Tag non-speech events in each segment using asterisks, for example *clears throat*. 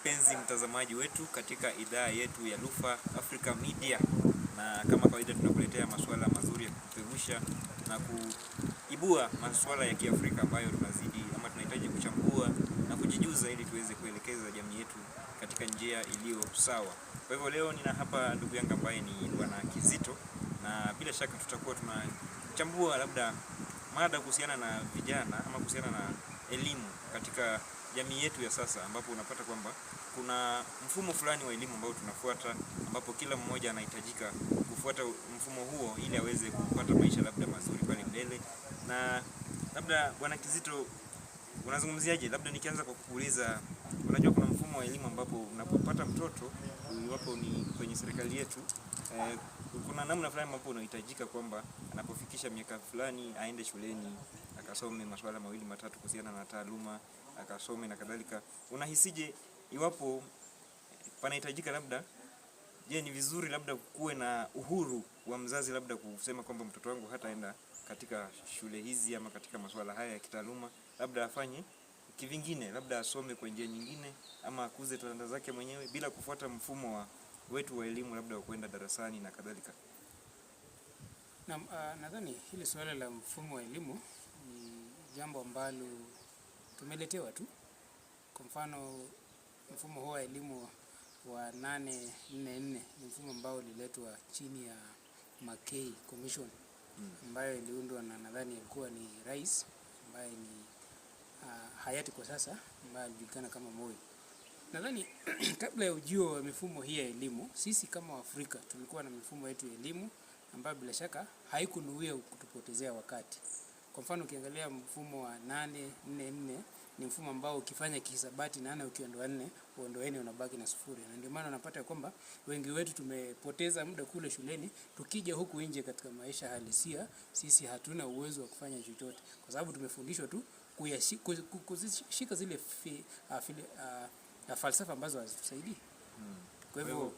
mpenzi mtazamaji wetu katika idhaa yetu ya Lufa Africa Media, na kama kawaida tunakuletea masuala mazuri ya kupeusha na kuibua masuala ya Kiafrika ambayo tunazidi ama tunahitaji kuchambua na kujijuza ili tuweze kuelekeza jamii yetu katika njia iliyo sawa. Kwa hivyo leo nina hapa ndugu yangu ambaye ni Bwana Kizito, na bila shaka tutakuwa tunachambua labda mada kuhusiana na vijana ama kuhusiana na elimu katika jamii yetu ya sasa, ambapo unapata kwamba kuna mfumo fulani wa elimu ambao tunafuata, ambapo kila mmoja anahitajika kufuata mfumo huo ili aweze kupata maisha labda mazuri pale mbele. Na labda Bwana Kizito, unazungumziaje? Labda nikianza kwa kukuuliza, unajua kuna mfumo wa elimu ambapo unapopata mtoto iwapo ni kwenye serikali yetu eh, kuna namna fulani ambapo unahitajika kwamba anapofikisha miaka fulani aende shuleni akasome masuala mawili matatu kuhusiana na taaluma akasome na kadhalika. Unahisije iwapo panahitajika labda, je, ni vizuri labda kuwe na uhuru wa mzazi labda kusema kwamba mtoto wangu hataenda katika shule hizi ama katika masuala haya ya kitaaluma, labda afanye kivingine, labda asome kwa njia nyingine ama akuze talanta zake mwenyewe bila kufuata mfumo wa wetu wa elimu labda wa kwenda darasani na kadhalika. Na uh, ah, nadhani hili suala la mfumo wa elimu ni jambo ambalo tumeletewa tu. Kwa mfano mfumo huu wa elimu wa 844 ni mfumo ambao uliletwa chini ya Mackay Commission hmm. ambayo iliundwa na nadhani ilikuwa ni rais ambaye ni uh, hayati kwa sasa ambaye alijulikana kama Moi. Nadhani *clears throat* kabla ya ujio wa mifumo hii ya elimu, sisi kama Waafrika tulikuwa na mifumo yetu ya elimu ambayo bila shaka haikunuia kutupotezea wakati. Kwa mfano ukiangalia mfumo wa nane nne nne ni mfumo ambao ukifanya kihisabati nane ukiondoa nne uondoe nne unabaki na sufuri, na ndio maana unapata kwamba wengi wetu tumepoteza muda kule shuleni. Tukija huku nje katika maisha halisia, sisi hatuna uwezo wa kufanya chochote, kwa sababu tumefundishwa tu kuzishika zile fi, a, a, a, falsafa ambazo hazitusaidii hmm. Kwa hivyo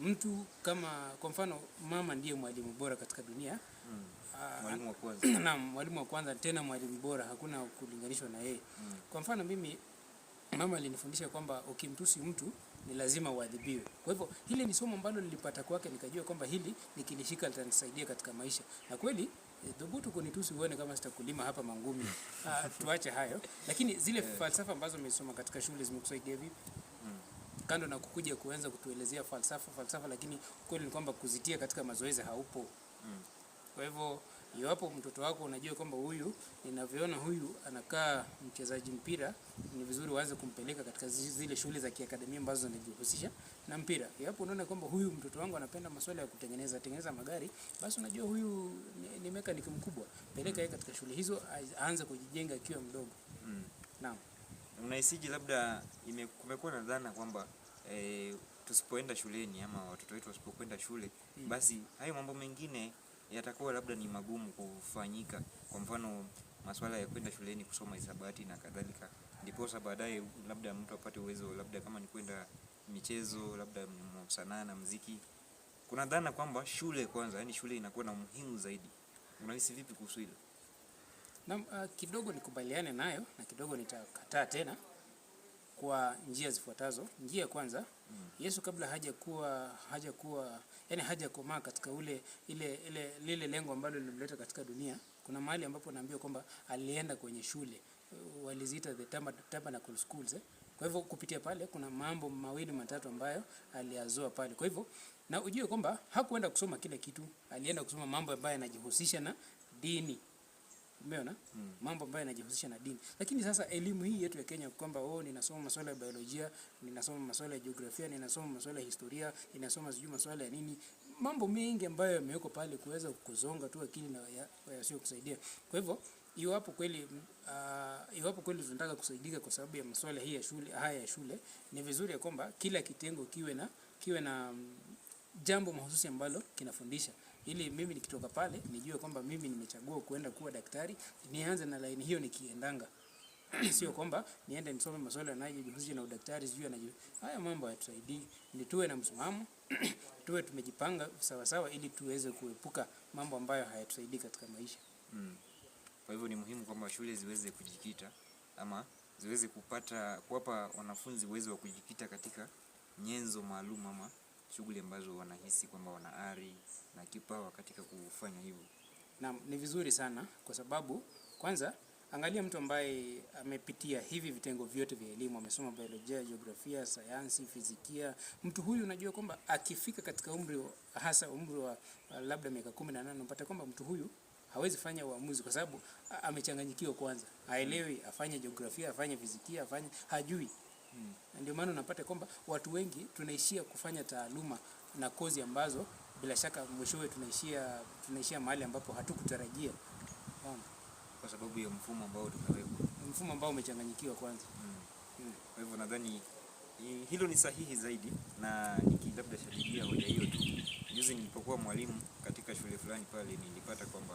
mtu kama kwa mfano mama ndiye mwalimu bora katika dunia. Ah, mwalimu wa kwanza. *clears throat* Naam, mwalimu wa kwanza tena mwalimu bora, hakuna kulinganishwa na yeye. Mm. Kwa mfano mimi mama alinifundisha kwamba ukimtusi mtu ni lazima uadhibiwe. Kwa hivyo hili ni somo ambalo nilipata kwake, nikajua kwamba hili nikilishika litanisaidia katika maisha, na kweli dhubutu eh, kunitusi uone kama sitakulima hapa mangumi. *laughs* Ah, tuache hayo, lakini zile yeah, falsafa ambazo umesoma katika shule zimekusaidia vipi? Hmm. Kando na kukuja kuanza kutuelezea falsafa falsafa, lakini kweli ni kwamba kuzitia katika mazoezi haupo. Hmm. Kwa hivyo iwapo mtoto wako unajua kwamba huyu ninavyoona huyu anakaa mchezaji mpira, ni vizuri uanze kumpeleka katika zile shule za kiakademia ambazo zinajihusisha na mpira. Iwapo unaona kwamba huyu mtoto wangu anapenda masuala ya kutengeneza tengeneza magari, basi unajua huyu ni, mekaniki mkubwa, peleka yeye katika shule hizo, aanze kujijenga akiwa mdogo. Mm. Naam. Unahisiji labda kumekuwa na dhana kwamba e, tusipoenda shuleni ama watoto wetu wasipokwenda shule mm, basi hayo mambo mengine yatakuwa labda ni magumu kufanyika, kwa mfano masuala ya kwenda shuleni kusoma hisabati na kadhalika, ndiposa baadaye labda mtu apate uwezo, labda kama ni kwenda michezo, labda sanaa na muziki. Kuna dhana kwamba shule kwanza, yani shule inakuwa na umuhimu zaidi. Unahisi vipi kuhusu hilo? na uh, ah, kidogo nikubaliane nayo na kidogo nitakataa tena kwa njia zifuatazo. Njia ya kwanza Yesu kabla hajakuwa hajakuwa yani hajakomaa katika ule ile ile lile lengo ambalo lilimleta katika dunia, kuna mahali ambapo naambiwa kwamba alienda kwenye shule waliziita the tabernacle schools eh. Kwa hivyo kupitia pale kuna mambo mawili matatu ambayo aliyazoa pale. Kwa hivyo na ujue kwamba hakuenda kusoma kila kitu, alienda kusoma mambo ambayo yanajihusisha na dini. Umeona? Mm. Mambo ambayo yanajihusisha na dini. Lakini sasa elimu hii yetu ya Kenya kwamba oh, ninasoma masuala ya biolojia, ninasoma masuala ya jiografia, ninasoma masuala ya historia, ninasoma sijui masuala ya nini. Mambo mengi ambayo yamewekwa pale kuweza kuzonga tu akili na yasiyo ya kusaidia. Kwa hivyo iwapo kweli uh, iwapo kweli tunataka kusaidika kwa sababu ya masuala hii ya shule, haya ya shule, ni vizuri ya kwamba kila kitengo kiwe na kiwe na mm, jambo mahususi ambalo kinafundisha ili mimi nikitoka pale nijue kwamba mimi nimechagua kuenda kuwa daktari, nianze na laini hiyo nikiendanga. *clears throat* Sio kwamba niende nisome masuala yanayojihusisha na udaktari, sijui anajua haya mambo hayatusaidii. Ni tuwe na msimamo *clears throat* tuwe tumejipanga sawa sawa, ili tuweze kuepuka mambo ambayo hayatusaidii katika maisha mm. Kwa hivyo ni muhimu kwamba shule ziweze kujikita ama ziweze kupata kuwapa wanafunzi uwezo wa kujikita katika nyenzo maalum ama shughuli ambazo wanahisi kwamba wana ari na kipawa katika kufanya hivyo. Na ni vizuri sana kwa sababu kwanza angalia mtu ambaye amepitia hivi vitengo vyote vya elimu, amesoma biolojia, jiografia, sayansi, fizikia. Mtu huyu unajua kwamba akifika katika umri hasa umri wa uh, labda miaka kumi na nane unapata kwamba mtu huyu hawezi fanya uamuzi kwa sababu amechanganyikiwa. Kwanza haelewi afanye jiografia, afanye fizikia, afanye hajui mm. Ndio maana unapata kwamba watu wengi tunaishia kufanya taaluma na kozi ambazo bila shaka mwishowe tunaishia tunaishia mahali ambapo hatukutarajia Kwa sababu ya mfumo ambao tumewekwa, mfumo ambao umechanganyikiwa kwanza mm. Mm. Kwa hivyo nadhani hilo ni sahihi zaidi, na nikilabda shadidia hoja hiyo tu, juzi nilipokuwa mwalimu katika shule fulani pale, nilipata kwamba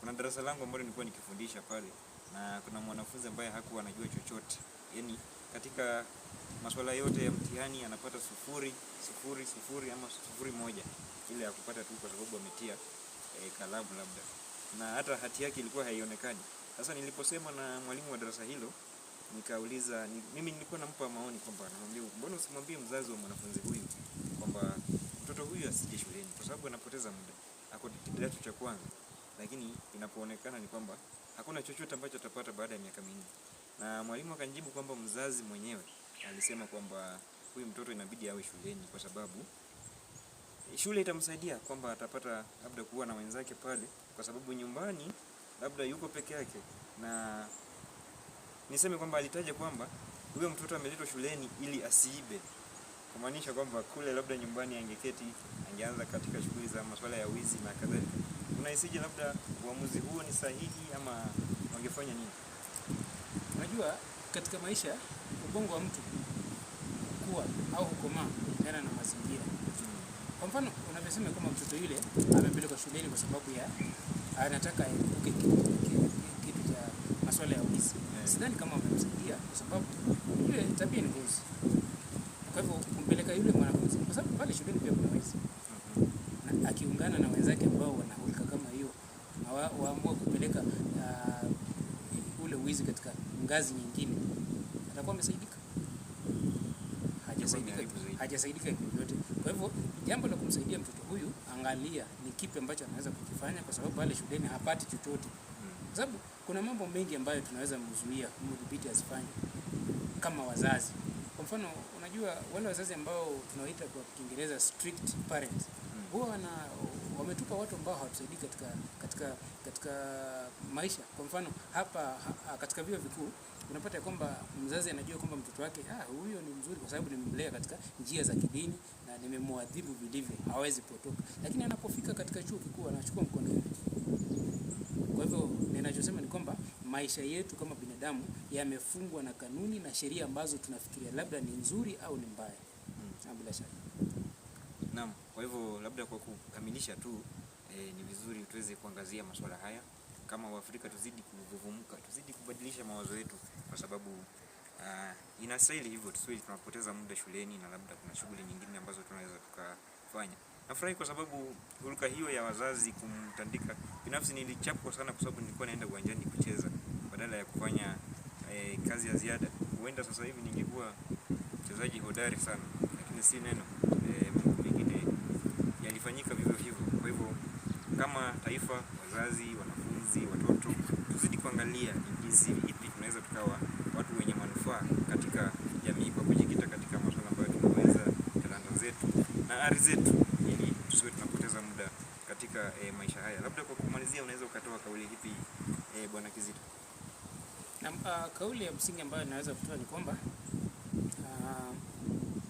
kuna darasa langu ambalo nilikuwa nikifundisha pale, na kuna mwanafunzi ambaye hakuwa anajua chochote yani katika masuala yote ya mtihani anapata sufuri sufuri sufuri ama sufuri moja, ile ya kupata tu kwa sababu ametia e, kalamu labda, na hata hati yake ilikuwa haionekani. Sasa niliposema na mwalimu wa darasa hilo nikauliza ni, mimi nilikuwa nampa maoni kwamba namwambia, mbona usimwambie mzazi wa mwanafunzi huyu kwamba mtoto huyu asije shuleni kwa sababu anapoteza muda, ako kidato cha kwanza, lakini inapoonekana ni kwamba hakuna chochote ambacho atapata baada ya miaka minne na mwalimu akanijibu kwamba mzazi mwenyewe alisema kwamba huyu mtoto inabidi awe shuleni kwa sababu shule itamsaidia kwamba atapata labda kuwa na wenzake pale, kwa sababu nyumbani labda yuko peke yake. Na niseme kwamba alitaja kwamba huyo mtoto ameletwa shuleni ili asiibe, kumaanisha kwamba kule labda nyumbani angeketi, angeanza katika shughuli za masuala ya wizi na kadhalika. Unahisije labda uamuzi huo ni sahihi ama wangefanya nini? Unajua katika maisha ubongo wa mtu kuwa au hukoma kulingana na mazingira. Kwa mfano unavyosema kama mtoto yule amepelekwa shuleni kwa sababu ya anataka aepuke kitu cha masuala ya wizi, eh. sidhani kama amemsaidia kwa sababu yule tabia ni ngozi. Kwa hivyo kumpeleka yule mwanafunzi, kwa sababu pale shuleni pia kuna wizi, mm-hmm. na akiungana na wenzake ambao ngazi nyingine atakuwa amesaidika? Hajasaidika, yaani hajasaidika yote. Kwa hivyo jambo la kumsaidia mtoto huyu, angalia ni kipi ambacho anaweza kukifanya, kwa sababu pale shuleni hapati chochote, kwa sababu kuna mambo mengi ambayo tunaweza mzuia mdhibiti asifanye kama wazazi. Kwa mfano, unajua wale wazazi ambao tunaoita kwa Kiingereza strict parents hmm. huwa wana wametupa watu ambao hawatusaidii katika katika, katika maisha. Kwa mfano hapa ha, katika vyuo vikuu unapata ya kwamba mzazi anajua kwamba mtoto wake ah, huyo ni mzuri kwa sababu nimemlea katika njia za kidini na nimemwadhibu vilivyo, hawezi potoka. Lakini anapofika katika chuo kikuu anachukua mkondo. Kwa hivyo ninachosema ni kwamba maisha yetu kama binadamu yamefungwa na kanuni na sheria ambazo tunafikiria labda ni nzuri au ni mbaya. Hmm. Ah, bila shaka. Naam, kwa hivyo labda kwa kukamilisha tu e, ni vizuri tuweze kuangazia masuala haya kama Waafrika, tuzidi kuvumka, tuzidi kubadilisha mawazo yetu, kwa sababu uh, inastahili hivyo. Tusiwe tunapoteza muda shuleni na labda kuna shughuli nyingine ambazo tunaweza tukafanya. Nafurahi kwa sababu huruka hiyo ya wazazi kumtandika, binafsi nilichapwa sana kwa sababu nilikuwa naenda uwanjani kucheza badala ya kufanya eh, kazi ya ziada. Huenda sasa hivi ningekuwa mchezaji hodari sana, lakini si neno. Eh, mengine yalifanyika vivyo hivyo kama taifa, wazazi, wanafunzi, watoto, tuzidi kuangalia ni jinsi ipi tunaweza tukawa watu wenye manufaa katika jamii kwa kujikita katika masuala ambayo tunaweza, talanta zetu na ari zetu, ili tusiwe tunapoteza muda katika e, maisha haya. Labda kwa kumalizia, unaweza ukatoa kauli hipi e, eh, Bwana Kizito? Na, uh, ah, kauli ya msingi ambayo inaweza kutoa ni kwamba uh,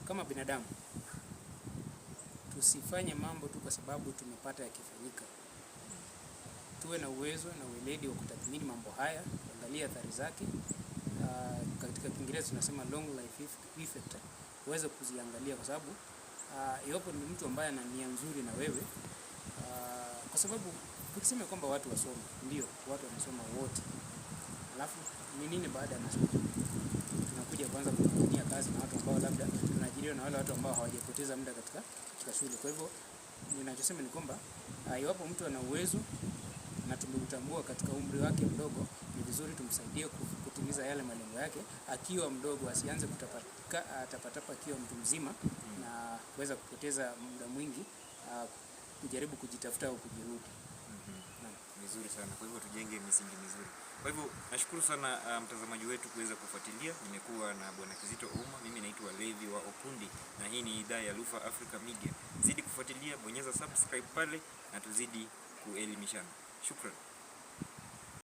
kama binadamu tusifanye mambo tu kwa sababu tumepata yakifanyika tuwe na uwezo na ueledi wa kutathmini mambo haya, kuangalia athari zake. Uh, katika Kiingereza tunasema long life effect, uweze kuziangalia kwa sababu uh, iwapo ni mtu ambaye ana nia nzuri na wewe uh, kwa sababu ukisema kwamba watu wasome, ndio watu wanasoma wote, alafu ni nini baada ya masomo? Tunakuja kwanza kufanyia kazi na watu ambao labda tunaajiriwa na wale watu ambao hawajapoteza muda katika, katika shule. Kwa hivyo ninachosema ni kwamba ah, iwapo mtu ana uwezo na tumemtambua katika umri wake mdogo, ni vizuri tumsaidie kutimiza yale malengo yake akiwa mdogo, asianze kutapatapa akiwa mtu mzima na kuweza kupoteza muda mwingi kujaribu kujitafuta au kujirudi. Mm-hmm. Vizuri sana. Kwa hivyo tujenge misingi mizuri. Kwa hivyo nashukuru sana uh, mtazamaji wetu kuweza kufuatilia. Nimekuwa na bwana Kizito Ouma, mimi naitwa Levi wa Okundi na hii ni idhaa ya Lufa Africa Media. Zidi kufuatilia, bonyeza subscribe pale na tuzidi kuelimishana. شكرا